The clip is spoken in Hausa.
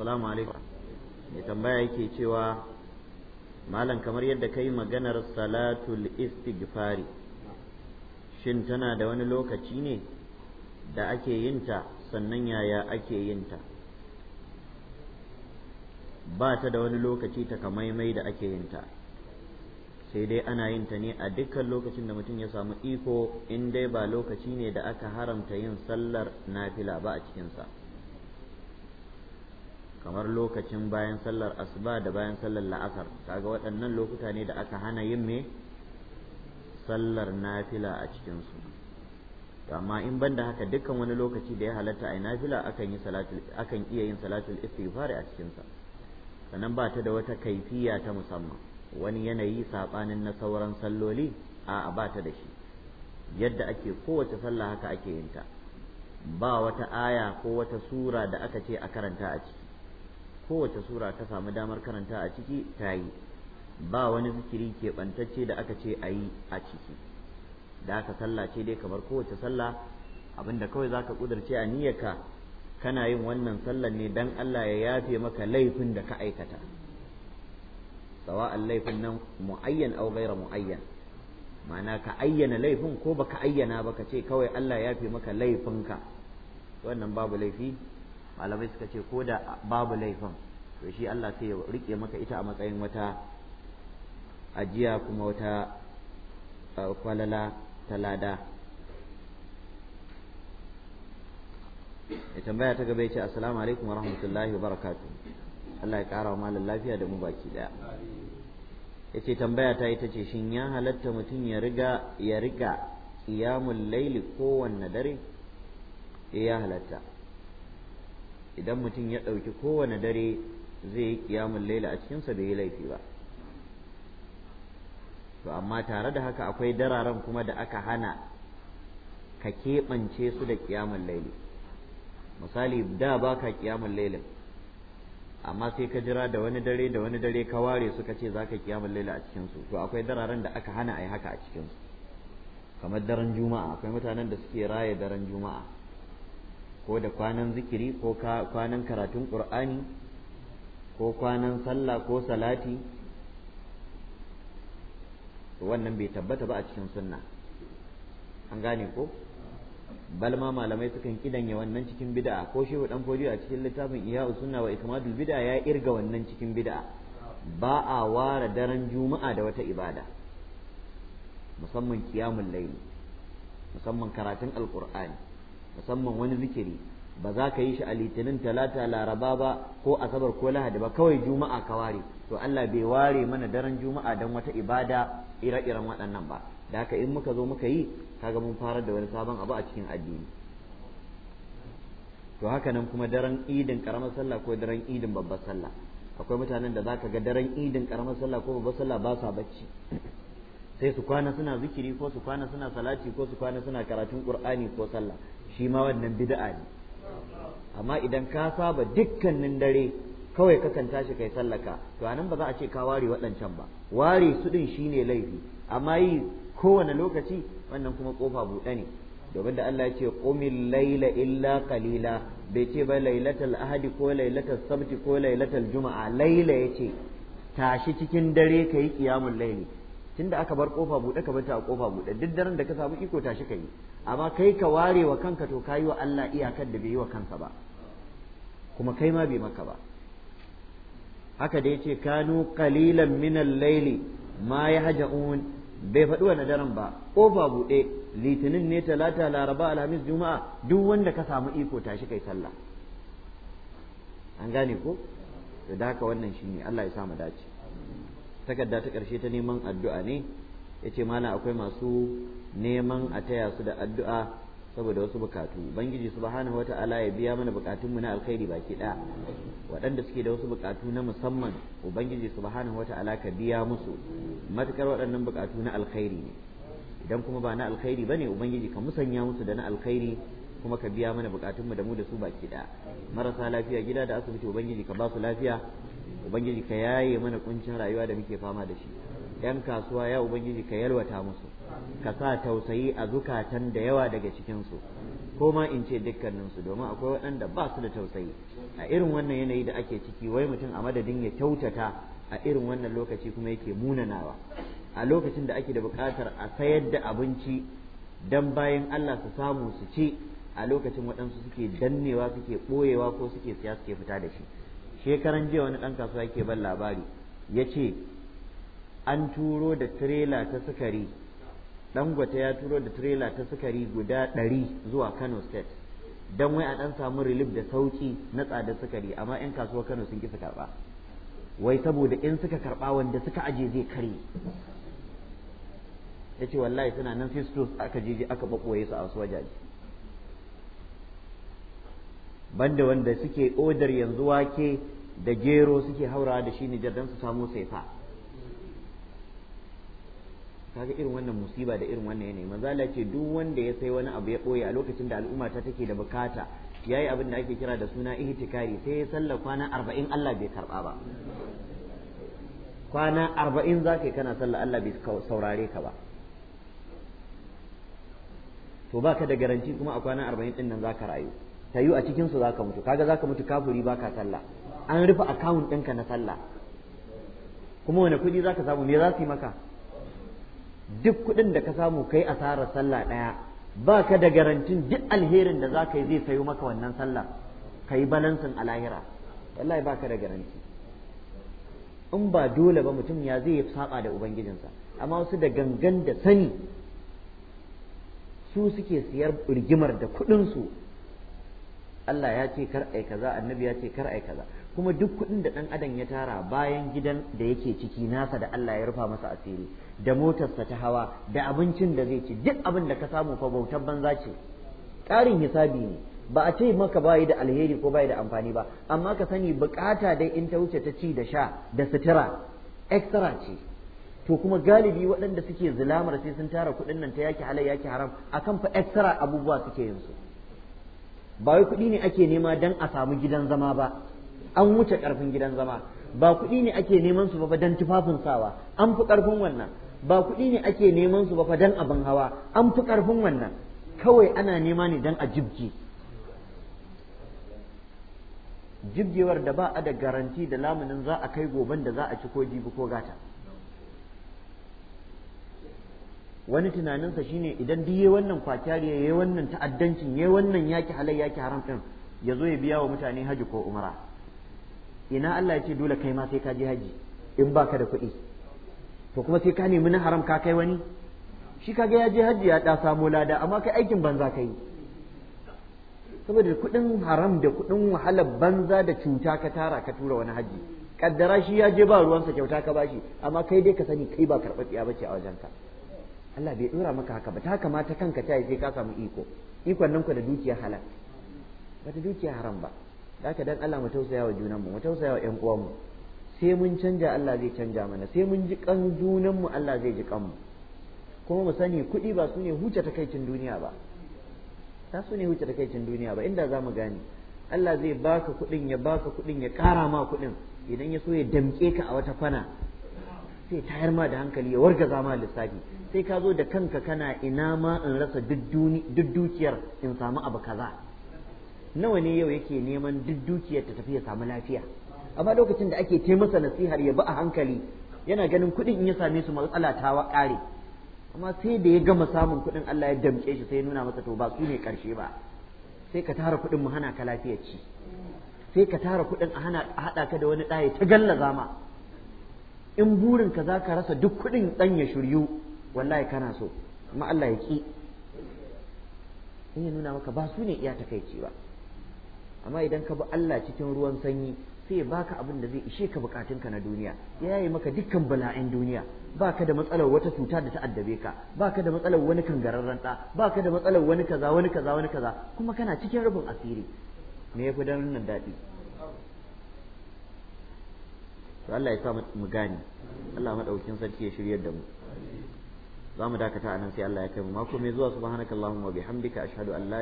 assalamu alaikum mai tambaya yake cewa malam kamar yadda ka yi maganar salatul istighfari shin tana da wani lokaci ne da ake yinta sannan yaya ake yinta ba ta da wani lokaci takamaimai da ake yinta sai dai ana yinta ne a dukkan lokacin da mutum ya samu iko in dai ba lokaci ne da aka haramta yin sallar nafila ba a cikinsa kamar lokacin bayan sallar asuba da bayan sallar la'asar kaga waɗannan lokuta ne da aka hana yin me sallar nafila a cikinsu amma in ban da haka dukkan wani lokaci da ya halatta a nafila yi nafila akan iya yin salatul istighfar a cikinsa sannan ba ta da wata kaifiya ta musamman wani yanayi saɓanin na sauran salloli a ba ta da shi yadda ake kowace sallah haka ake yin ta ba wata aya ko wata sura da aka ce a karanta a ciki kowace sura ta samu damar karanta a ciki ta yi ba wani zikiri keɓantacce da aka ce a yi a ciki da aka sallah ce dai kamar kowace sallah abinda kawai za ka ƙudurce a niyyarka kana yin wannan sallar ne don Allah ya yafe maka laifin da ka aikata sawa'an laifin nan mu'ayyan au gaira mu'ayyan ma'ana ka ayyana laifin ko baka ayyana ba ka ce kawai Allah ya yafe maka laifinka wannan babu laifi malamai suka ce ko da babu laifin to shi Allah sai ya rike maka ita a matsayin wata ajiya kuma wata kwalala ta lada ya tambaya ta gaba ya ce assalamu alaikum wa rahmatullahi wa barakatu Allah ya kara wa malam lafiya da mu baki daya ya ce tambaya ta ita ce shin ya halatta mutum ya riga ya riga qiyamul laili kowanne dare eh, ya halatta idan mutum ya ɗauki kowane dare zai yi ƙiyamun laila a cikinsa bai yi laifi ba to amma tare da haka akwai dararen kuma da aka hana ka keɓance su da ƙiyamun laili misali da ba ka ƙiyamun lailin amma sai ka jira da wani dare da wani dare ka ware su ka ce za ka ƙiyamun laila a cikinsu to akwai dararen da aka hana a yi haka a cikinsu kamar daren juma'a akwai mutanen da suke raya daren juma'a ko da kwanan zikiri ko kwanan karatun ƙur'ani ko kwanan sallah ko salati wannan bai tabbata ba a cikin sunna an gane ko bal malamai sukan kidanya wannan cikin bid'a ko shehu dan fodi a cikin littafin iya'u sunna wa ikmadul bid'a ya irga wannan cikin bid'a ba a ware daren juma'a da wata ibada musamman kiyamul layli musamman karatun alqur'ani musamman wani zikiri ba za ka yi shi a litinin talata laraba ba ko asabar ko lahadi ba kawai juma'a ka ware to Allah bai ware mana daren juma'a dan wata ibada ire-iren waɗannan ba da haka in muka zo muka yi kaga mun fara da wani sabon abu a cikin addini to haka nan kuma daren idin karamar sallah ko daren idin babbar sallah akwai mutanen da za ka ga daren idin karamar sallah ko babbar sallah ba sa bacci sai su kwana suna zikiri ko su kwana suna salati ko su kwana suna karatun qur'ani ko sallah shi ma wannan bid'a ne amma idan ka saba dukkanin dare kawai ka kakan tashi kai sallaka to anan ba za a ce ka ware waɗancan ba ware su din shine laifi amma yi kowane lokaci wannan kuma kofa buɗe ne domin da Allah ya ce qumil laila illa qalila bai ce ba lailatul ahadi ko lailatul sabti ko lailatul juma'a laila yace tashi cikin dare kayi qiyamul laili tunda aka bar kofa buɗe ka bata a kofa buɗe duk daren da ka samu iko tashi ka yi amma kai ka ware wa kanka to ka wa Allah iyakar da bai yi wa kansa ba kuma kai ma bai maka ba haka da yace kanu qalilan min al-layli ma yahja'un bai faɗi wa daren ba kofa buɗe litinin ne talata laraba alhamis juma'a duk wanda ka samu iko tashi kai sallah an gane ko to da haka wannan shine Allah ya sa mu dace takarda ta ƙarshe ta neman addu'a ne ya ce malam akwai masu neman a taya su da addu'a saboda wasu bukatu ubangiji wata ala ya biya mana bukatunmu na alkhairi baki ɗaya waɗanda suke da wasu bukatu na musamman ubangiji wata ala ka biya musu matukar waɗannan bukatu na alkhairi ne idan kuma ba na alkhairi ne ubangiji ka musanya musu da na alkhairi kuma ka biya mana bukatunmu da mu da su baki ɗaya marasa lafiya gida da asibiti ubangiji ka ba su lafiya ubangiji ka yaye mana kuncin rayuwa da muke fama da shi yan kasuwa ya ubangiji ka yalwata musu ka sa tausayi a zukatan da yawa daga cikinsu ko ma in ce dukkaninsu domin akwai waɗanda ba su da tausayi a irin wannan yanayi da ake ciki wai mutum a madadin ya kyautata a irin wannan lokaci kuma yake munanawa a lokacin da ake da buƙatar a sayar da abinci dan bayan Allah su samu su ci a lokacin waɗansu suke dannewa suke ɓoyewa ko suke siya suke fita da shi shekaran jiya wani ɗan kasuwa yake ban labari ya ce an turo da tirela ta sukari dangote ya turo da tirela ta sukari guda ɗari zuwa kano state don wai a ɗan samu relief da sauƙi na tsadar sukari amma 'yan kasuwa kano sun kisa karɓa wai saboda in suka karɓa wanda suka aje zai karye ya ce wallahi suna nan sai aka jeje aka ɓaɓɓoye su a wasu wajaje banda wanda suke odar yanzu wake da gero suke haura da shi Nijar don su samu saifa kaga irin wannan musiba da irin wannan yanayi manzala ce duk wanda ya sai wani abu ya ɓoye a lokacin da al'umma ta take da bukata yayi abin da ake kira da suna ihtikari sai ya salla kwana arba'in Allah bai karɓa ba kwana arba'in za ka kana salla Allah bai saurare ka ba to baka da garanti kuma a kwana arba'in ɗin nan za ka rayu ta yi a cikinsu za ka mutu kaga za ka mutu kafuri ba ka sallah an rufe akawun ɗinka na sallah kuma wani kuɗi za ka samu me za su yi maka duk kuɗin da ka samu kai asarar sallah ɗaya ba ka da garantin duk alherin da za ka yi zai sayo maka wannan sallah ka yi balansin alahira lahira wallahi ba ka da garanti in ba dole ba mutum ya zai saba da ubangijinsa amma wasu da gangan da sani su suke siyar rigimar da kuɗinsu Allah ya ce kar ai kaza annabi ya ce kar ai kaza kuma duk kuɗin da ɗan adam ya tara bayan gidan da yake ciki nasa da Allah ya rufa masa asiri da motarsa ta hawa da abincin da zai ci duk abin da ka samu fa bautar banza ce ƙarin hisabi ne ba a ce maka bayi da alheri ko bayi da amfani ba amma ka sani bukata dai in ta wuce ta ci da sha da sutura extra ce to kuma galibi waɗanda suke zulamar sai sun tara kuɗin nan ta yaki halal yaki haram akan fa extra abubuwa suke yin su ba wai kuɗi ne ake nema don a samu gidan zama ba an wuce ƙarfin gidan zama ba kuɗi ne ake neman su ba don tufafin sawa an fi ƙarfin wannan ba kuɗi ne ake neman su ba don abin hawa an fi ƙarfin wannan kawai ana nema ne don a jibge jibgewar da ba a da garanti da lamunin za a kai goben da za a ci ko jibi ko gata wani tunaninsa shine idan duk yayi wannan ya yayi wannan ta'addancin yayi wannan yaki halal yaki haram din ya zo ya biya wa mutane haji ko umara ina Allah ya ce dole kai ma sai ka je haji in baka da kuɗi to kuma sai ka nemi na haram ka kai wani shi kaga ya je haji ya da samo lada amma kai aikin banza ka yi saboda kuɗin haram da kuɗin wahalar banza da cuta ka tara ka tura wani haji kaddara shi ya je ba ruwansa kyauta ka bashi amma kai dai ka sani kai ba ba bace a wajenka Allah bai dora maka haka ba ta kamata kanka ta sai ka samu iko ikon nan ku da dukiya halal ba ta dukiya haram ba haka dan Allah mu tausaya wa junanmu mu tausaya wa ƴan uwanmu sai mun canja Allah zai canja mana sai mun ji kan junanmu Allah zai ji kanmu kuma mu sani kuɗi ba su ne huce takaicin duniya ba ta su ne huce takaicin duniya ba inda za mu gane Allah zai baka kuɗin ya baka kuɗin ya ƙara ma kuɗin idan ya so ya damƙe ka a wata kwana sai tayar ma da hankali ya wargaza ma lissafi sai ka zo da kanka kana ina ma in rasa duk dukiyar in samu abu kaza nawa ne yau yake neman duk dukiyar ta tafi ya samu lafiya amma lokacin da ake ce masa nasihar ya bi a hankali yana ganin kuɗin in ya same su matsala ta ƙare amma sai da ya gama samun kuɗin Allah ya damƙe shi sai ya nuna masa to ba su ne karshe ba sai ka tara kuɗin mu hana ka lafiyar ci sai ka tara kuɗin a hana a haɗa ka da wani ɗaya ta gallaza ma in burin ka za ka rasa duk kuɗin ɗan ya shiryu wallahi kana so amma Allah ya ki in nuna maka ba su ne iya takaici ba amma idan ka bi Allah cikin ruwan sanyi sai ya baka abin da zai ishe ka bukatunka na duniya ya yi maka dukkan bala'in duniya baka da matsalar wata cuta da ta addabe ka baka da matsalar wani kangararren ɗa baka da matsalar wani kaza wani kaza wani kaza kuma kana cikin rufin asiri me yafi dan nan daɗi to Allah ya sa mu gane Allah madaukin sarki ya shiryar da mu za mu dakata a nan sai Allah ya kai mu mako mai zuwa subhanakallahumma bihamdika ashhadu an la